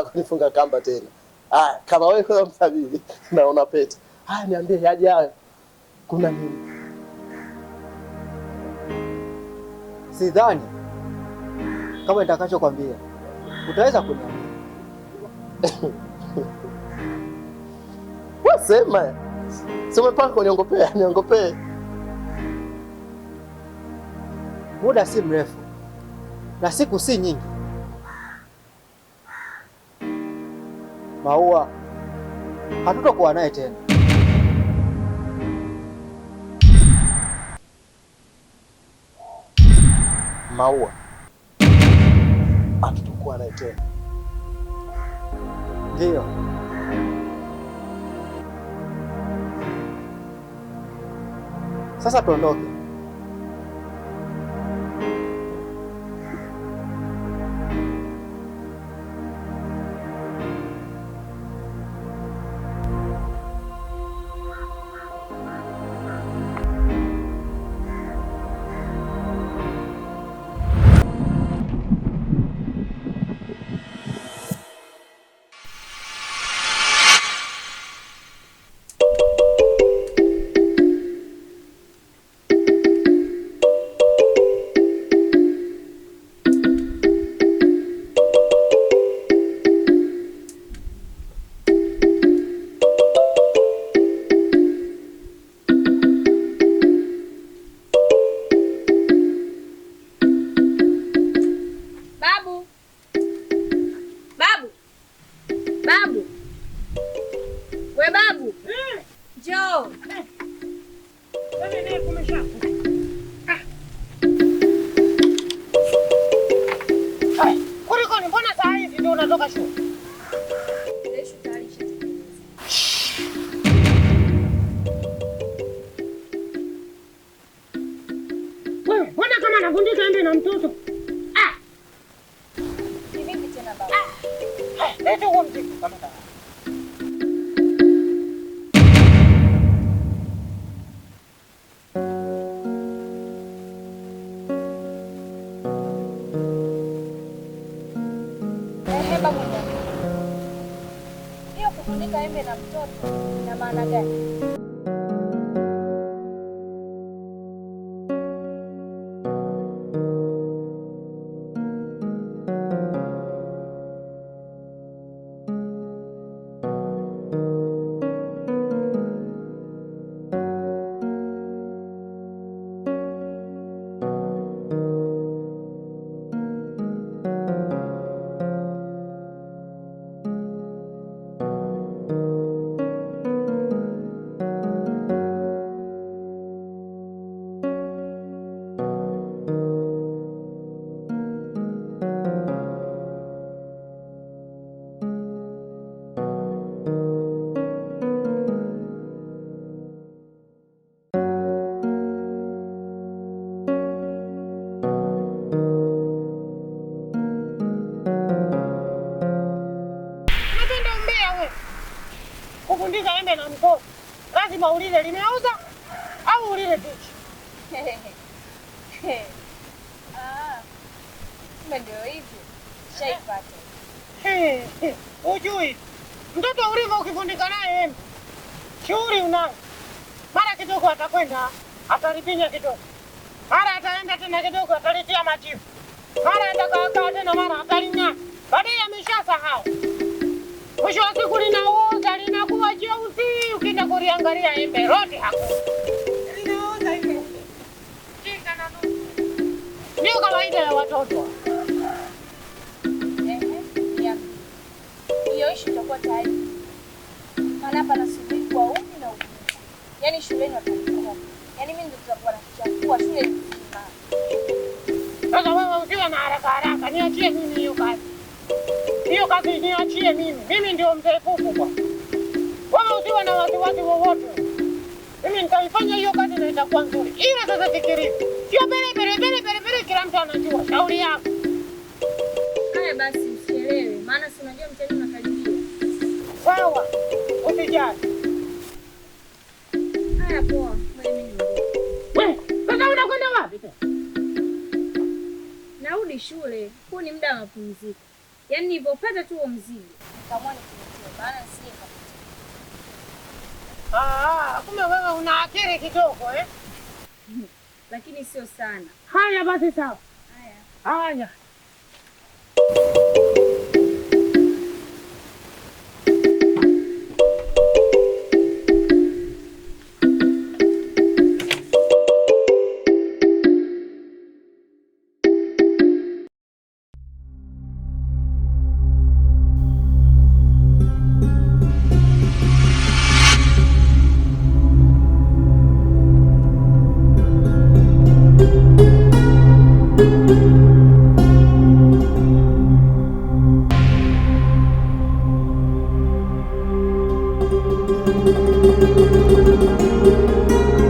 kunifunga kamba tena. Ah, kama wewe kwa msabili na una pete. Ah, niambie yaje hayo. Kuna nini? Sidhani kama nitakachokwambia utaweza kuniambia. Wasema pako uniongopea, niongopee. Muda si mrefu na siku si nyingi Maua hatutakuwa naye tena. Maua hatutakuwa naye tena. Ndio. sasa tuondoke. Utagunde twende na mtoto ah! ah! Ah! hiyo kufunika embe na mtoto na maana gani? na mtoto lazima ulile limeoza au ulize bichi. Ndio hivyo shaipata. Ujui mtoto ulivyo, ukivundika naye shughuli unayo, mara kidogo atakwenda ataribinya kidogo, mara ataenda tena kidogo ataritia majivu, mara atakaakaa tena, mara atalinya, baadaye ameshasahau. Mwisho wa siku linaoza Uchauzi ukienda kuliangalia embe lote hapo ndio kawaida ya watoto. Hiyo ishi itakuwa tayari, maana hapa nasubiri kwa umi na umi, yaani shuleni watakuwa, yaani mimi ndio tutakuwa na kichafua shule nzima. Sasa wewe usiwe na haraka haraka, niachie mimi hiyo kazi, hiyo kazi niachie mimi, mimi ndio mzee Fufu usiwe na wasiwasi wowote. Mimi nitaifanya hiyo kazi na itakuwa nzuri, ila sasa fikiria, sio bele bele bele bele bele, kila mtu anajua. Shauri yako. Haya basi, usielewe, maana si unajua mtani unakaribia. Sawa, usijali. Haya, poa. Eh, sasa unakwenda wapi Narudi shule. Huu ni muda wa mapumziko, yaani nilipopata tu huo mzigo nikamwona, baada si Ah, kumbe wewe unaakili kidogo eh? Lakini sio sana. Haya basi sawa. Haya. Haya. Thank you.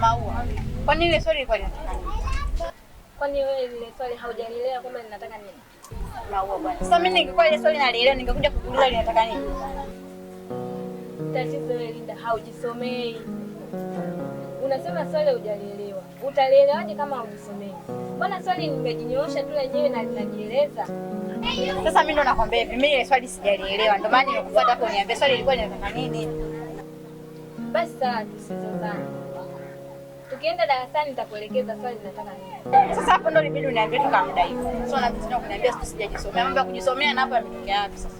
maua. Kwani ile swali ilikuwa linataka nini? Kwani wewe ile swali haujalilea kama linataka nini? Maua bwana. Sasa mimi ningekuwa ile swali nalielewa ningekuja kukuuliza linataka nini? Tatizo wewe Linda haujisomei. Unasema swali hujalielewa. Utalielewaje kama hujisomei? Mbona swali nimejinyoosha tu lenyewe na linajieleza? Sasa mimi ndo nakwambia hivi, mimi ile swali sijalielewa, ndio maana nimekufuata hapo uniambie swali lilikuwa linataka nini. Basi sawa, tusizozane ukienda darasani nitakuelekeza swali nataka nini. Sasa hapo ndo libidi uniambie tu kama mdai. Sio na vitu kuniambia sijajisomea. Mambo ya kujisomea na hapa yametokea wapi sasa?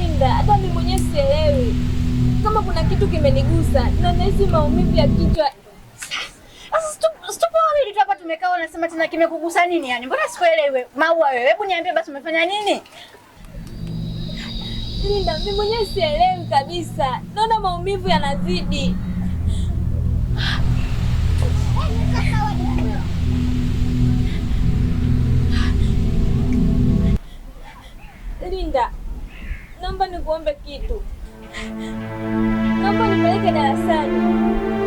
Linda, hata mimi mwenyewe sielewi kama kuna kitu kimenigusa na nahisi maumivu ya kichwa. Situpo wawili tu hapa tumekaa, unasema tena kimekugusa nini? Yani mbona sikuelewe? Maua wewe, hebu niambie basi umefanya nini? Linda, mimi mwenyewe sielewi kabisa, naona maumivu yanazidi. Linda, naomba nikuombe kitu, naomba nipeleke darasani.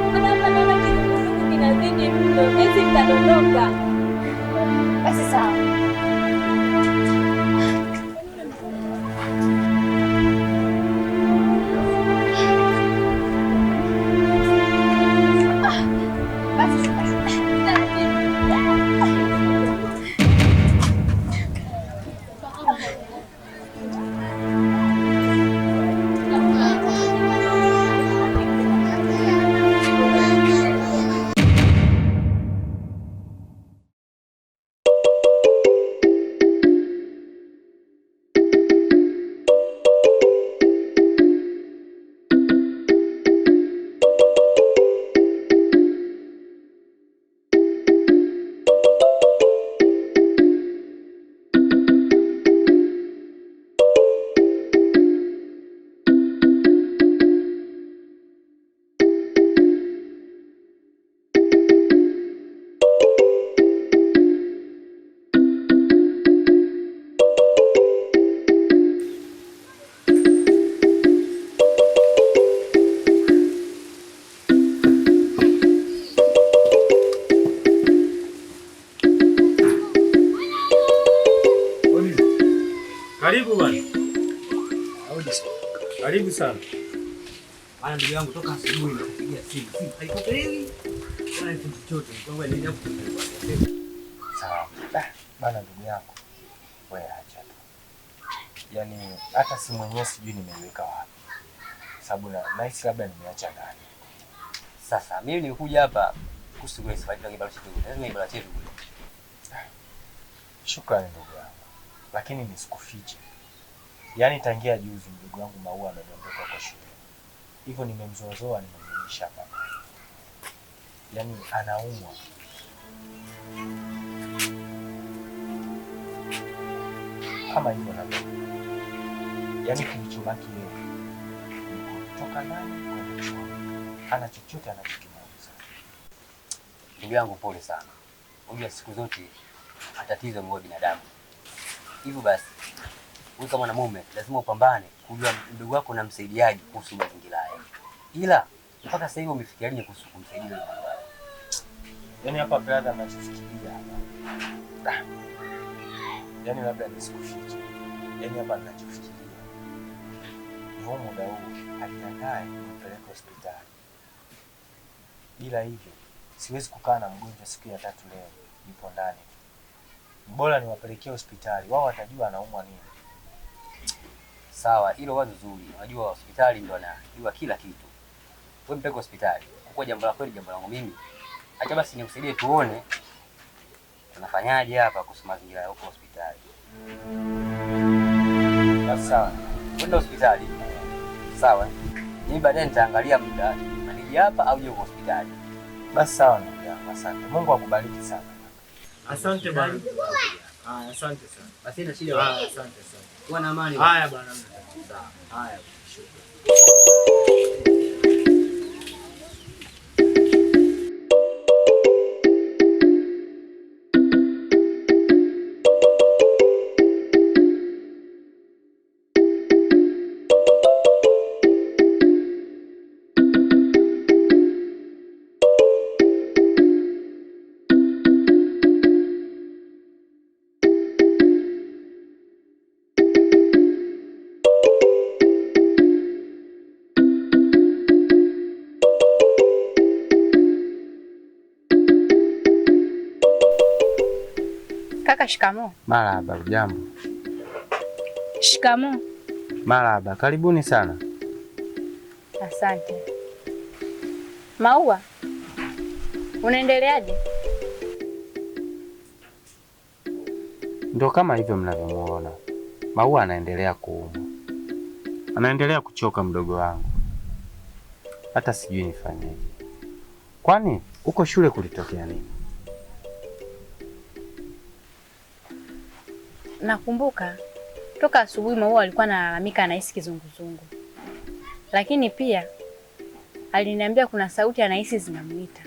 Karibu sana. Ana ndugu yangu toka asubuhi nakupigia simu. Simu haipokelewi. Kuna kitu chochote. Kwa hiyo ndio hapo. Sawa. Bana ndugu yako. Wewe acha tu. Yaani hata simu yenyewe sijui nimeiweka wapi. Sababu na nahisi labda nimeacha ndani. Sasa mimi nilikuja hapa kusugulia safari na kibali chetu. Lazima ibala chetu. Ah, shukrani ndugu yangu. Lakini nisikufiche. Yaani tangia juzi mdogo wangu Maua amedondoka kwa shule, hivyo nimemzoazoa, nimemrudisha hapa, yaani anaumwa. Kama hivyo na yaani kilichobaki leo kutoka ndani kwenda ana chochote anachokimaliza. Ndugu yangu, pole sana. Unajua siku zote matatizo ni binadamu, hivyo basi wewe kama mwanamume lazima upambane kujua ndugu wako na msaidiaji kuhusu mazingira haya, ila mpaka sasa hivi umefikiria nini kuhusu kumsaidia? Yaani hapa brother, anachofikiria hapa, ah. Yaani labda nisikufiche, Yaani hapa anachofikiria. ni huu muda huu aliandaye kupeleka hospitali, bila hivyo siwezi kukaa na mgonjwa siku ya tatu leo nipo ndani, bora niwapelekee hospitali, wao watajua anaumwa nini. Sawa, hilo wazo zuri. Unajua hospitali ndo anajua kila kitu. Wewe mpeke hospitali. Kwa jambo la kweli, jambo langu mimi. Acha basi nikusaidie tuone tunafanyaje hapa kuhusu mazingira ya huko hospitali. sawa. Kwenda hospitali. Sawa. Mimi baadaye nitaangalia muda nije hapa au je hospitali. Basi sawa Asante. Mungu akubariki sana. Asante bwana. Ah, asante sana. Basi na shida. Ah, asante sana. Bwana amani. Haya bwana. Haya. shikamo shikamoo. Marahaba, shikamo Shikamoo. Marahaba, karibuni sana. Asante. Maua, unaendeleaje? Ndio kama hivyo mnavyomuona, Maua anaendelea kuumwa, anaendelea kuchoka mdogo wangu, hata sijui nifanyeje. Kwani uko shule kulitokea nini? Nakumbuka toka asubuhi Maua alikuwa analalamika anahisi kizunguzungu, lakini pia aliniambia kuna sauti anahisi zinamuita.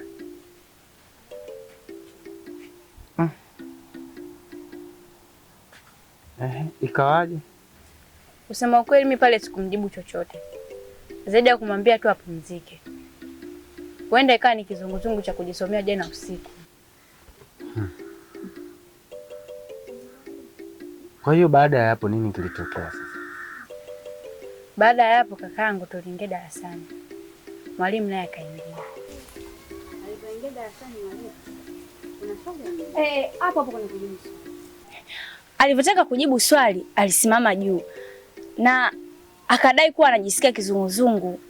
Ah. Eh, ikawaje? Kusema ukweli, mi pale sikumjibu chochote zaidi ya kumwambia tu apumzike, huenda ikawa ni kizunguzungu cha kujisomea jana usiku. Hmm. Kwa hiyo baada ya hapo nini kilitokea sasa? Baada ya hapo kakaangu tuliingia darasani, mwalimu naye akaingia. Alipoingia darasani eh, hapo hapo kujibu swali, alipotaka kujibu swali alisimama juu na akadai kuwa anajisikia kizunguzungu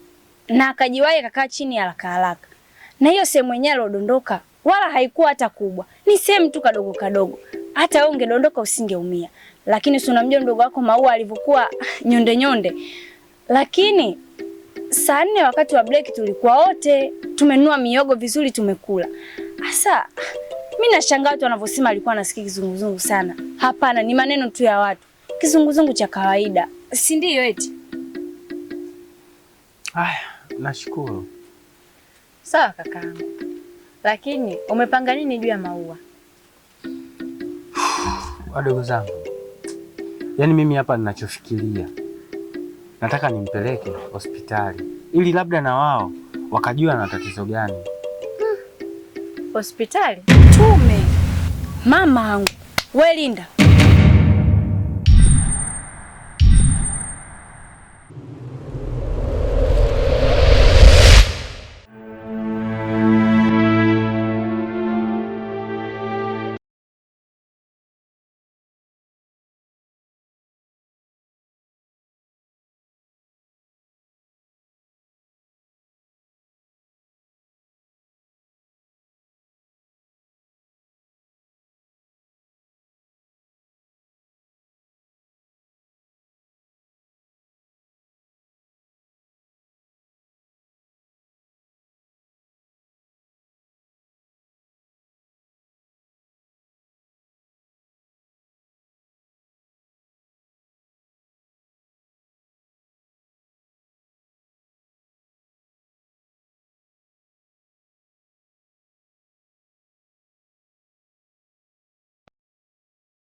na akajiwahi akakaa chini haraka haraka, na hiyo sehemu yenyewe alodondoka wala haikuwa hata kubwa, ni sehemu tu kadogo kadogo, hata wewe ungedondoka usingeumia lakini si unamjua mdogo wako Maua alivyokuwa nyonde nyonde. Lakini saa nne wakati wa break tulikuwa wote tumenua miogo vizuri tumekula. hasa mi nashangaa watu wanavyosema alikuwa anasikia kizunguzungu sana. Hapana, ni maneno tu ya watu. Kizunguzungu cha kawaida, si ndio? Eti haya, nashukuru. Sawa kakaangu, lakini umepanga nini juu ya Maua? Wadogo zangu Yaani mimi hapa ninachofikiria, nataka nimpeleke hospitali ili labda na wao wakajua na tatizo gani. Hmm. Hospitali? Tume mama angu welinda